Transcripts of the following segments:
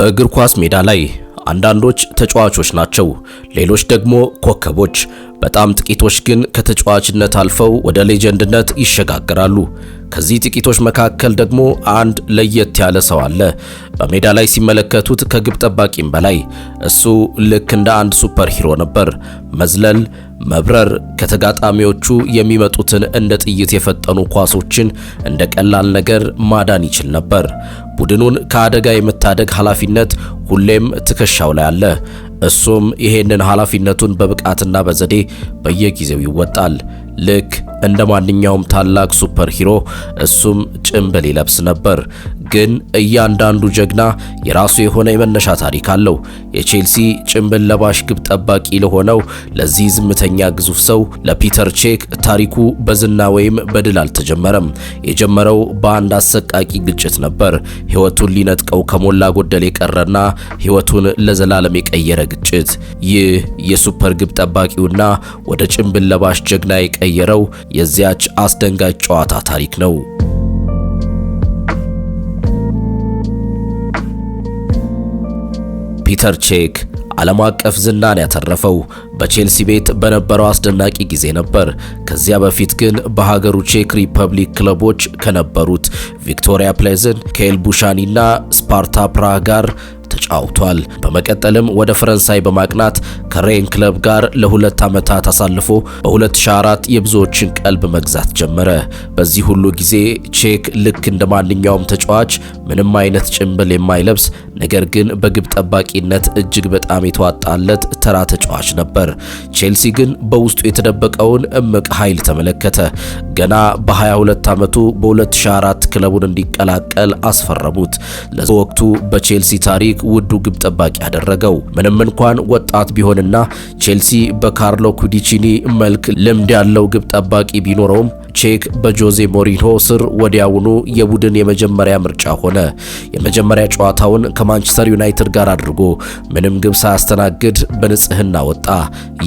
በእግር ኳስ ሜዳ ላይ አንዳንዶች ተጫዋቾች ናቸው፣ ሌሎች ደግሞ ኮከቦች፣ በጣም ጥቂቶች ግን ከተጫዋችነት አልፈው ወደ ሌጀንድነት ይሸጋገራሉ። ከዚህ ጥቂቶች መካከል ደግሞ አንድ ለየት ያለ ሰው አለ። በሜዳ ላይ ሲመለከቱት ከግብ ጠባቂም በላይ እሱ ልክ እንደ አንድ ሱፐር ሂሮ ነበር። መዝለል፣ መብረር፣ ከተጋጣሚዎቹ የሚመጡትን እንደ ጥይት የፈጠኑ ኳሶችን እንደ ቀላል ነገር ማዳን ይችል ነበር። ቡድኑን ከአደጋ የመታደግ ኃላፊነት ሁሌም ትከሻው ላይ አለ። እሱም ይሄንን ኃላፊነቱን በብቃትና በዘዴ በየጊዜው ይወጣል። ልክ እንደ ማንኛውም ታላቅ ሱፐር ሂሮ እሱም ጭምብል ይለብስ ነበር። ግን እያንዳንዱ ጀግና የራሱ የሆነ የመነሻ ታሪክ አለው። የቼልሲ ጭምብል ለባሽ ግብ ጠባቂ ለሆነው ለዚህ ዝምተኛ ግዙፍ ሰው ለፒተር ቼክ ታሪኩ በዝና ወይም በድል አልተጀመረም። የጀመረው በአንድ አሰቃቂ ግጭት ነበር። ሕይወቱን ሊነጥቀው ከሞላ ጎደል የቀረና ሕይወቱን ለዘላለም የቀየረ ግጭት። ይህ የሱፐር ግብ ጠባቂውና ወደ ጭምብል ለባሽ ጀግና የቀየረው የዚያች አስደንጋጭ ጨዋታ ታሪክ ነው። ፒተር ቼክ ዓለም አቀፍ ዝናን ያተረፈው በቼልሲ ቤት በነበረው አስደናቂ ጊዜ ነበር። ከዚያ በፊት ግን በሀገሩ ቼክ ሪፐብሊክ ክለቦች ከነበሩት ቪክቶሪያ ፕሌዝን፣ ኬል ቡሻኒ ስፓርታ ፕራህ ጋር ተጫውቷል። በመቀጠልም ወደ ፈረንሳይ በማቅናት ከሬን ክለብ ጋር ለሁለት ዓመታት አሳልፎ በ2004 የብዙዎችን ቀልብ መግዛት ጀመረ። በዚህ ሁሉ ጊዜ ቼክ ልክ እንደ ማንኛውም ተጫዋች ምንም አይነት ጭንብል የማይለብስ ነገር ግን በግብ ጠባቂነት እጅግ በጣም የተዋጣለት ተራ ተጫዋች ነበር። ቼልሲ ግን በውስጡ የተደበቀውን እምቅ ኃይል ተመለከተ። ገና በ22 ዓመቱ በ2004 ክለቡን እንዲቀላቀል አስፈረሙት። ለወቅቱ በቼልሲ ታሪክ ውዱ ግብ ጠባቂ ያደረገው። ምንም እንኳን ወጣት ቢሆንና ቼልሲ በካርሎ ኩዲቺኒ መልክ ልምድ ያለው ግብ ጠባቂ ቢኖረውም ቼክ በጆዜ ሞሪኖ ስር ወዲያውኑ የቡድን የመጀመሪያ ምርጫ ሆነ። የመጀመሪያ ጨዋታውን ከማንቸስተር ዩናይትድ ጋር አድርጎ ምንም ግብ ሳያስተናግድ በንጽህና ወጣ።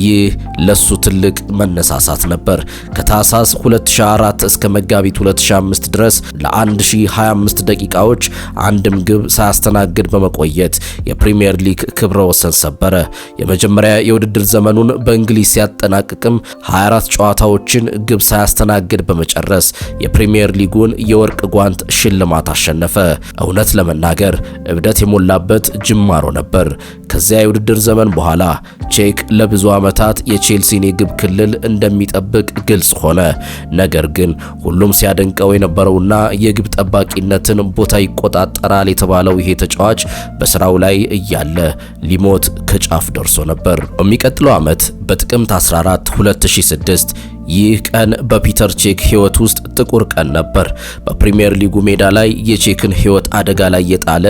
ይህ ለሱ ትልቅ መነሳሳት ነበር። ከታህሳስ 2004 እስከ መጋቢት 2005 ድረስ ለ1025 ደቂቃዎች አንድም ግብ ሳያስተናግድ በመቆየት የፕሪሚየር ሊግ ክብረ ወሰን ሰበረ። የመጀመሪያ የውድድር ዘመኑን በእንግሊዝ ሲያጠናቅቅም 24 ጨዋታዎችን ግብ ሳያስተናግድ ግድ በመጨረስ የፕሪሚየር ሊጉን የወርቅ ጓንት ሽልማት አሸነፈ። እውነት ለመናገር እብደት የሞላበት ጅማሮ ነበር። ከዚያ የውድድር ዘመን በኋላ ቼክ ለብዙ ዓመታት የቼልሲን የግብ ክልል እንደሚጠብቅ ግልጽ ሆነ። ነገር ግን ሁሉም ሲያደንቀው የነበረውና የግብ ጠባቂነትን ቦታ ይቆጣጠራል የተባለው ይሄ ተጫዋች በስራው ላይ እያለ ሊሞት ከጫፍ ደርሶ ነበር። በሚቀጥለው ዓመት በጥቅምት 14 2006 ይህ ቀን በፒተር ቼክ ሕይወት ውስጥ ጥቁር ቀን ነበር። በፕሪሚየር ሊጉ ሜዳ ላይ የቼክን ህይወት አደጋ ላይ የጣለ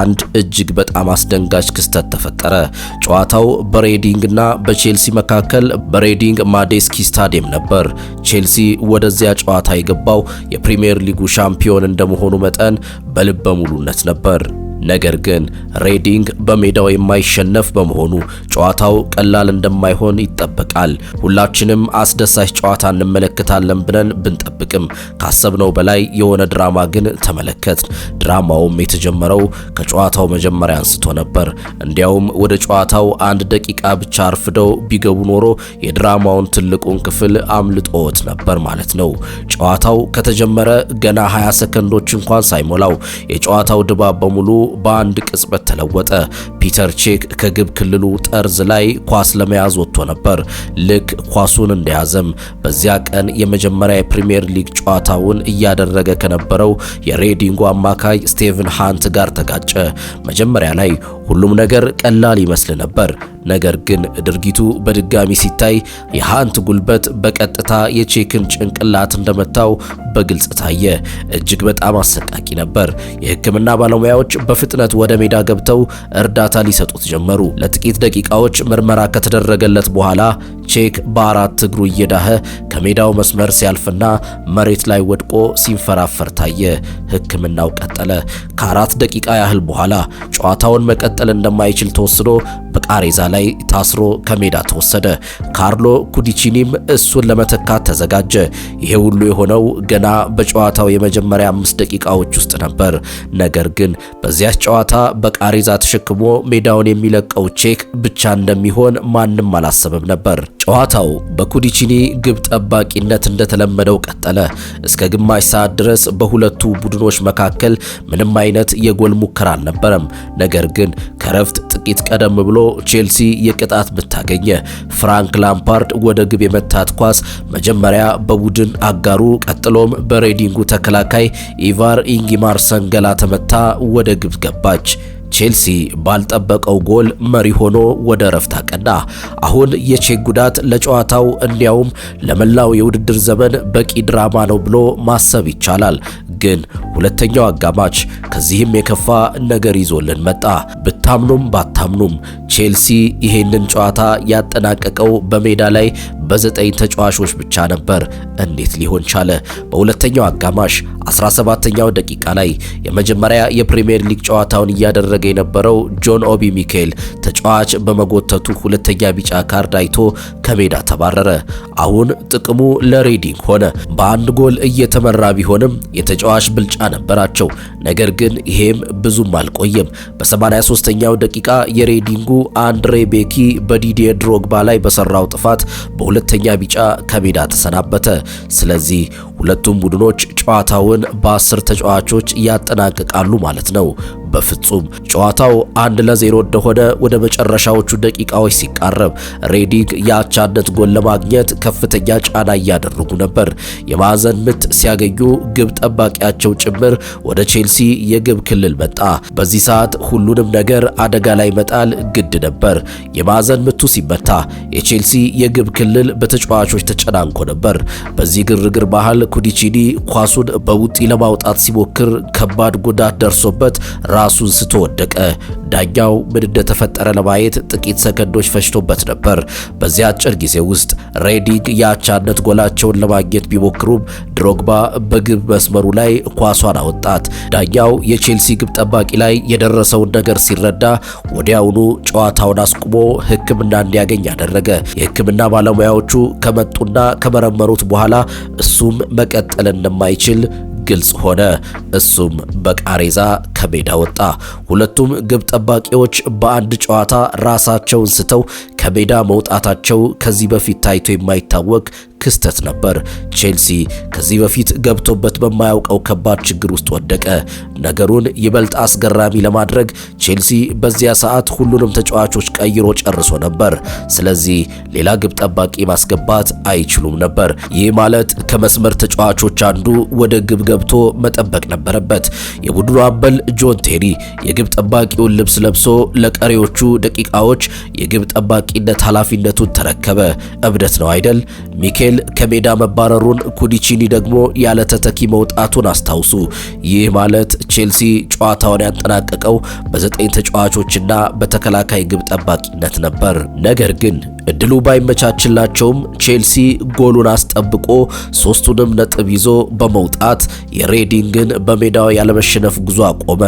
አንድ እጅግ በጣም አስደንጋጭ ክስተት ተፈጠረ። ጨዋታው በሬዲንግና በቼልሲ መካከል በሬዲንግ ማዴስኪ ስታዲየም ነበር። ቼልሲ ወደዚያ ጨዋታ የገባው የፕሪሚየር ሊጉ ሻምፒዮን እንደመሆኑ መጠን በልበ ሙሉነት ነበር። ነገር ግን ሬዲንግ በሜዳው የማይሸነፍ በመሆኑ ጨዋታው ቀላል እንደማይሆን ይጠበቃል። ሁላችንም አስደሳች ጨዋታ እንመለከታለን ብለን ብንጠብቅም ካሰብነው በላይ የሆነ ድራማ ግን ተመለከት ድራማውም የተጀመረው ከጨዋታው መጀመሪያ አንስቶ ነበር። እንዲያውም ወደ ጨዋታው አንድ ደቂቃ ብቻ አርፍደው ቢገቡ ኖሮ የድራማውን ትልቁን ክፍል አምልጦት ነበር ማለት ነው። ጨዋታው ከተጀመረ ገና 20 ሰከንዶች እንኳን ሳይሞላው የጨዋታው ድባብ በሙሉ በአንድ ቅጽበት ተለወጠ። ፒተር ቼክ ከግብ ክልሉ ጠርዝ ላይ ኳስ ለመያዝ ወጥቶ ነበር። ልክ ኳሱን እንደያዘም በዚያ ቀን የመጀመሪያ የፕሪምየር ሊግ ጨዋታውን እያደረገ ከነበረው የሬዲንጉ አማካይ ስቴቨን ሃንት ጋር ተጋጨ። ተሰራጨ። መጀመሪያ ላይ ሁሉም ነገር ቀላል ይመስል ነበር። ነገር ግን ድርጊቱ በድጋሚ ሲታይ የሃንት ጉልበት በቀጥታ የቼክን ጭንቅላት እንደመታው በግልጽ ታየ። እጅግ በጣም አሰቃቂ ነበር። የሕክምና ባለሙያዎች በፍጥነት ወደ ሜዳ ገብተው እርዳታ ሊሰጡት ጀመሩ። ለጥቂት ደቂቃዎች ምርመራ ከተደረገለት በኋላ ቼክ በአራት እግሩ እየዳኸ ከሜዳው መስመር ሲያልፍና መሬት ላይ ወድቆ ሲንፈራፈር ታየ። ሕክምናው ቀጠለ። ከአራት ደቂቃ ያህል በኋላ ጨዋታውን መቀጠል እንደማይችል ተወስኖ በቃሬዛ ላይ ታስሮ ከሜዳ ተወሰደ። ካርሎ ኩዲቺኒም እሱን ለመተካት ተዘጋጀ። ይሄ ሁሉ የሆነው ገና በጨዋታው የመጀመሪያ አምስት ደቂቃዎች ውስጥ ነበር። ነገር ግን በዚያች ጨዋታ በቃሬዛ ተሸክሞ ሜዳውን የሚለቀው ቼክ ብቻ እንደሚሆን ማንም አላሰበም ነበር። ጨዋታው በኩዲቺኒ ግብ ጠባቂነት እንደተለመደው ቀጠለ። እስከ ግማሽ ሰዓት ድረስ በሁለቱ ቡድኖች መካከል ምንም አይነት የጎል ሙከራ አልነበረም። ነገር ግን ከረፍት ጥቂት ቀደም ብሎ ቼልሲ የቅጣት ምት አገኘ። ፍራንክ ላምፓርድ ወደ ግብ የመታት ኳስ መጀመሪያ በቡድን አጋሩ፣ ቀጥሎም በሬዲንጉ ተከላካይ ኢቫር ኢንጊማርሰን ገላ ተመታ፣ ወደ ግብ ገባች። ቼልሲ ባልጠበቀው ጎል መሪ ሆኖ ወደ እረፍት አቀና። አሁን የቼክ ጉዳት ለጨዋታው እንዲያውም ለመላው የውድድር ዘመን በቂ ድራማ ነው ብሎ ማሰብ ይቻላል። ግን ሁለተኛው አጋማች ከዚህም የከፋ ነገር ይዞልን መጣ። ብታምኑም ባታምኑም ቼልሲ ይሄንን ጨዋታ ያጠናቀቀው በሜዳ ላይ በዘጠኝ ተጫዋቾች ብቻ ነበር። እንዴት ሊሆን ቻለ? በሁለተኛው አጋማሽ 17ኛው ደቂቃ ላይ የመጀመሪያ የፕሪሚየር ሊግ ጨዋታውን እያደረገ የነበረው ጆን ኦቢ ሚካኤል ተጫዋች በመጎተቱ ሁለተኛ ቢጫ ካርድ አይቶ ከሜዳ ተባረረ። አሁን ጥቅሙ ለሬዲንግ ሆነ። በአንድ ጎል እየተመራ ቢሆንም የተጫዋች ብልጫ ነበራቸው። ነገር ግን ይሄም ብዙም አልቆየም። በ83ኛው ደቂቃ የሬዲንጉ አንድሬ ቤኪ በዲዲየ ድሮግባ ላይ በሰራው ጥፋት በሁለ ሁለተኛ ቢጫ ከሜዳ ተሰናበተ። ስለዚህ ሁለቱም ቡድኖች ጨዋታውን በአስር ተጫዋቾች ያጠናቅቃሉ ማለት ነው። በፍጹም ጨዋታው አንድ ለዜሮ እንደሆነ ወደ መጨረሻዎቹ ደቂቃዎች ሲቃረብ ሬዲንግ የአቻነት ጎል ለማግኘት ከፍተኛ ጫና እያደረጉ ነበር። የማዕዘን ምት ሲያገኙ ግብ ጠባቂያቸው ጭምር ወደ ቼልሲ የግብ ክልል መጣ። በዚህ ሰዓት ሁሉንም ነገር አደጋ ላይ መጣል ግድ ነበር። የማዕዘን ምቱ ሲመታ የቼልሲ የግብ ክልል በተጫዋቾች ተጨናንቆ ነበር። በዚህ ግርግር መሃል ኩዲቺኒ ኳሱን በቡጢ ለማውጣት ሲሞክር ከባድ ጉዳት ደርሶበት ራሱን ስቶ ወደቀ። ዳኛው ምን እንደተፈጠረ ለማየት ጥቂት ሰከንዶች ፈጅቶበት ነበር። በዚህ አጭር ጊዜ ውስጥ ሬዲንግ የአቻነት ጎላቸውን ለማግኘት ቢሞክሩም ድሮግባ በግብ መስመሩ ላይ ኳሷን አወጣት። ዳኛው የቼልሲ ግብ ጠባቂ ላይ የደረሰውን ነገር ሲረዳ ወዲያውኑ ጨዋታውን አስቁሞ ሕክምና እንዲያገኝ አደረገ። የሕክምና ባለሙያዎቹ ከመጡና ከመረመሩት በኋላ እሱም መቀጠል እንደማይችል ግልጽ ሆነ። እሱም በቃሬዛ ከሜዳ ወጣ። ሁለቱም ግብ ጠባቂዎች በአንድ ጨዋታ ራሳቸውን ስተው ከሜዳ መውጣታቸው ከዚህ በፊት ታይቶ የማይታወቅ ክስተት ነበር። ቼልሲ ከዚህ በፊት ገብቶበት በማያውቀው ከባድ ችግር ውስጥ ወደቀ። ነገሩን ይበልጥ አስገራሚ ለማድረግ ቼልሲ በዚያ ሰዓት ሁሉንም ተጫዋቾች ቀይሮ ጨርሶ ነበር። ስለዚህ ሌላ ግብ ጠባቂ ማስገባት አይችሉም ነበር። ይህ ማለት ከመስመር ተጫዋቾች አንዱ ወደ ግብ ገብቶ መጠበቅ ነበረበት። የቡድኑ አምበል ጆን ቴሪ የግብ ጠባቂውን ልብስ ለብሶ ለቀሪዎቹ ደቂቃዎች የግብ ጠባቂነት ኃላፊነቱን ተረከበ። እብደት ነው አይደል? ሚኬል ኃይል ከሜዳ መባረሩን፣ ኩዲቺኒ ደግሞ ያለ ተተኪ መውጣቱን አስታውሱ። ይህ ማለት ቼልሲ ጨዋታውን ያጠናቀቀው በዘጠኝ ተጫዋቾችና በተከላካይ ግብ ጠባቂነት ነበር። ነገር ግን እድሉ ባይመቻችላቸውም ቼልሲ ጎሉን አስጠብቆ ሶስቱንም ነጥብ ይዞ በመውጣት የሬዲንግን በሜዳው ያለመሸነፍ ጉዞ አቆመ።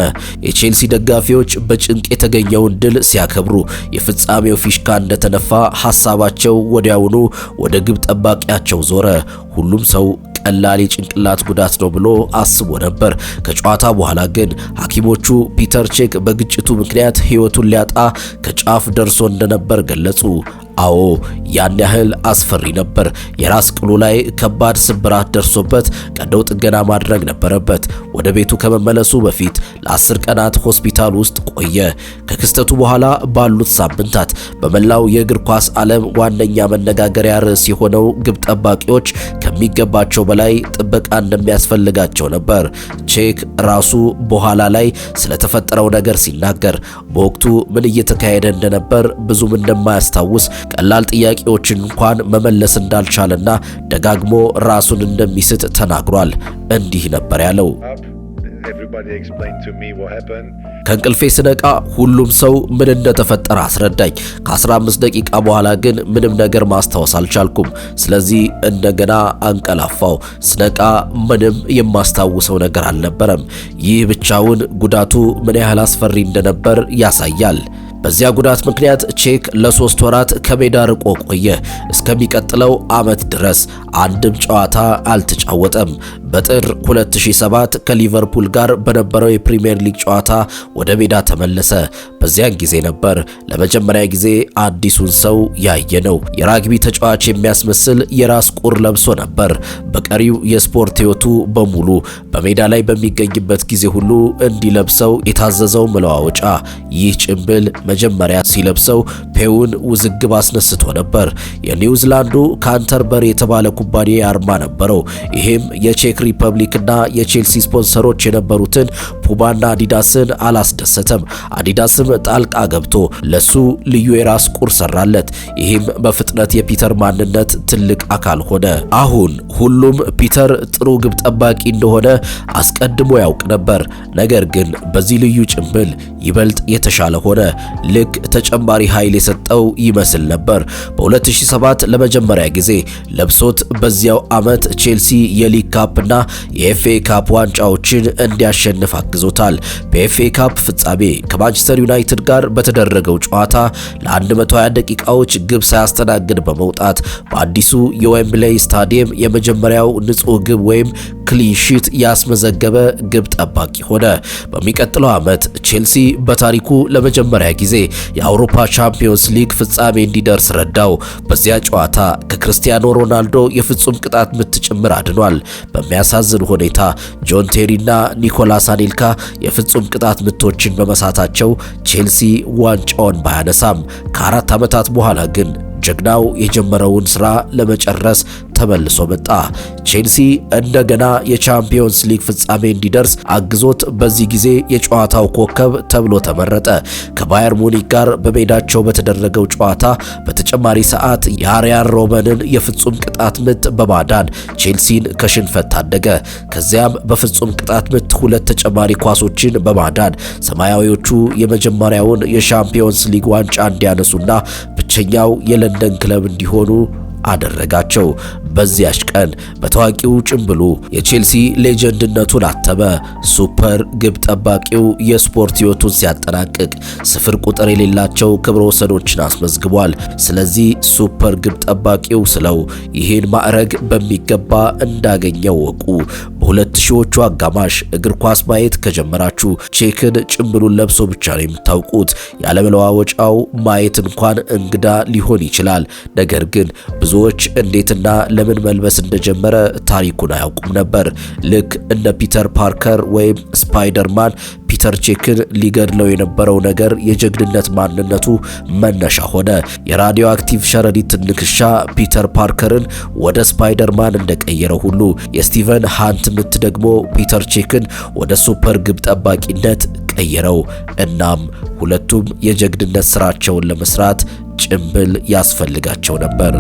የቼልሲ ደጋፊዎች በጭንቅ የተገኘውን ድል ሲያከብሩ የፍጻሜው ፊሽካ እንደተነፋ ሀሳባቸው ወዲያውኑ ወደ ግብ ጠባቂያቸው ዞረ። ሁሉም ሰው ቀላል የጭንቅላት ጉዳት ነው ብሎ አስቦ ነበር። ከጨዋታ በኋላ ግን ሐኪሞቹ ፒተር ቼክ በግጭቱ ምክንያት ሕይወቱን ሊያጣ ከጫፍ ደርሶ እንደነበር ገለጹ። አዎ ያን ያህል አስፈሪ ነበር። የራስ ቅሉ ላይ ከባድ ስብራት ደርሶበት ቀዶ ጥገና ማድረግ ነበረበት። ወደ ቤቱ ከመመለሱ በፊት ለአስር ቀናት ሆስፒታል ውስጥ ቆየ። ከክስተቱ በኋላ ባሉት ሳምንታት በመላው የእግር ኳስ ዓለም ዋነኛ መነጋገሪያ ርዕስ የሆነው ግብ ጠባቂዎች ከሚገባቸው በላይ ጥበቃ እንደሚያስፈልጋቸው ነበር። ቼክ ራሱ በኋላ ላይ ስለተፈጠረው ነገር ሲናገር በወቅቱ ምን እየተካሄደ እንደነበር ብዙም እንደማያስታውስ ቀላል ጥያቄዎችን እንኳን መመለስ እንዳልቻለና ደጋግሞ ራሱን እንደሚስት ተናግሯል። እንዲህ ነበር ያለው። ከእንቅልፌ ስነቃ ሁሉም ሰው ምን እንደተፈጠረ አስረዳኝ። ከ15 ደቂቃ በኋላ ግን ምንም ነገር ማስታወስ አልቻልኩም። ስለዚህ እንደገና አንቀላፋው። ስነቃ ምንም የማስታውሰው ነገር አልነበረም። ይህ ብቻውን ጉዳቱ ምን ያህል አስፈሪ እንደነበር ያሳያል። በዚያ ጉዳት ምክንያት ቼክ ለሶስት ወራት ከሜዳ ርቆ ቆየ። እስከሚቀጥለው ዓመት ድረስ አንድም ጨዋታ አልተጫወጠም። በጥር 2007 ከሊቨርፑል ጋር በነበረው የፕሪሚየር ሊግ ጨዋታ ወደ ሜዳ ተመለሰ። በዚያን ጊዜ ነበር ለመጀመሪያ ጊዜ አዲሱን ሰው ያየ ነው። የራግቢ ተጫዋች የሚያስመስል የራስ ቁር ለብሶ ነበር። በቀሪው የስፖርት ሕይወቱ በሙሉ በሜዳ ላይ በሚገኝበት ጊዜ ሁሉ እንዲለብሰው የታዘዘው መለዋወጫ ይህ ጭምብል መጀመሪያ ሲለብሰው ፔውን ውዝግብ አስነስቶ ነበር። የኒውዚላንዱ ካንተርበሪ የተባለ ኩባንያ አርማ ነበረው። ይህም የቼክ ሪፐብሊክና የቼልሲ ስፖንሰሮች የነበሩትን ፑማና አዲዳስን አላስደሰተም። አዲዳስም ጣልቃ ገብቶ ለሱ ልዩ የራስ ቁር ሰራለት። ይህም በፍጥነት የፒተር ማንነት ትልቅ አካል ሆነ። አሁን ሁሉም ፒተር ጥሩ ግብ ጠባቂ እንደሆነ አስቀድሞ ያውቅ ነበር። ነገር ግን በዚህ ልዩ ጭምብል ይበልጥ የተሻለ ሆነ። ልክ ተጨማሪ ኃይል የሰጠው ይመስል ነበር። በ2007 ለመጀመሪያ ጊዜ ለብሶት በዚያው ዓመት ቼልሲ የሊግ ካፕና ና የኤፍኤ ካፕ ዋንጫዎችን እንዲያሸንፍ አግዞታል። በኤፍኤ ካፕ ፍጻሜ ከማንቸስተር ዩናይትድ ጋር በተደረገው ጨዋታ ለ120 ደቂቃዎች ግብ ሳያስተናግድ በመውጣት በአዲሱ የዌምብሌይ ስታዲየም የመጀመሪያው ንጹህ ግብ ወይም ክሊንሺት ያስመዘገበ ግብ ጠባቂ ሆነ። በሚቀጥለው ዓመት ቼልሲ በታሪኩ ለመጀመሪያ ጊዜ የአውሮፓ ቻምፒዮንስ ሊግ ፍጻሜ እንዲደርስ ረዳው። በዚያ ጨዋታ ከክርስቲያኖ ሮናልዶ የፍጹም ቅጣት ምት ጭምር አድኗል። በሚያሳዝን ሁኔታ ጆን ቴሪና ኒኮላስ አኔልካ የፍጹም ቅጣት ምቶችን በመሳታቸው ቼልሲ ዋንጫውን ባያነሳም ከአራት ዓመታት በኋላ ግን ጀግናው የጀመረውን ስራ ለመጨረስ ተመልሶ መጣ። ቼልሲ እንደገና የቻምፒዮንስ ሊግ ፍጻሜ እንዲደርስ አግዞት በዚህ ጊዜ የጨዋታው ኮከብ ተብሎ ተመረጠ። ከባየር ሙኒክ ጋር በሜዳቸው በተደረገው ጨዋታ በተጨማሪ ሰዓት የአርያን ሮበንን የፍጹም ቅጣት ምት በማዳን ቼልሲን ከሽንፈት ታደገ። ከዚያም በፍጹም ቅጣት ምት ሁለት ተጨማሪ ኳሶችን በማዳን ሰማያዊዎቹ የመጀመሪያውን የሻምፒዮንስ ሊግ ዋንጫ እንዲያነሱና ብቸኛው የለንደን ክለብ እንዲሆኑ አደረጋቸው። በዚያች ቀን በታዋቂው ጭምብሉ የቼልሲ ሌጀንድነቱን አተመ። ሱፐር ግብ ጠባቂው የስፖርት ሕይወቱን ሲያጠናቅቅ ስፍር ቁጥር የሌላቸው ክብረ ወሰኖችን አስመዝግቧል። ስለዚህ ሱፐር ግብ ጠባቂው ስለው ይህን ማዕረግ በሚገባ እንዳገኘው ወቁ። በሁለት ሺዎቹ አጋማሽ እግር ኳስ ማየት ከጀመራችሁ ቼክን ጭምብሉን ለብሶ ብቻ ነው የምታውቁት። ያለመለዋወጫው ማየት እንኳን እንግዳ ሊሆን ይችላል። ነገር ግን ብዙዎች እንዴትና ለምን መልበስ እንደጀመረ ታሪኩን አያውቁም ነበር። ልክ እንደ ፒተር ፓርከር ወይም ስፓይደርማን ፒተር ቼክን ሊገድለው የነበረው ነገር የጀግንነት ማንነቱ መነሻ ሆነ። የራዲዮ አክቲቭ ሸረሪት ንክሻ ፒተር ፓርከርን ወደ ስፓይደርማን እንደቀየረው ሁሉ የስቲቨን ሃንት ምት ደግሞ ፒተር ቼክን ወደ ሱፐር ግብ ጠባቂነት ቀየረው። እናም ሁለቱም የጀግንነት ስራቸውን ለመስራት ጭምብል ያስፈልጋቸው ነበር።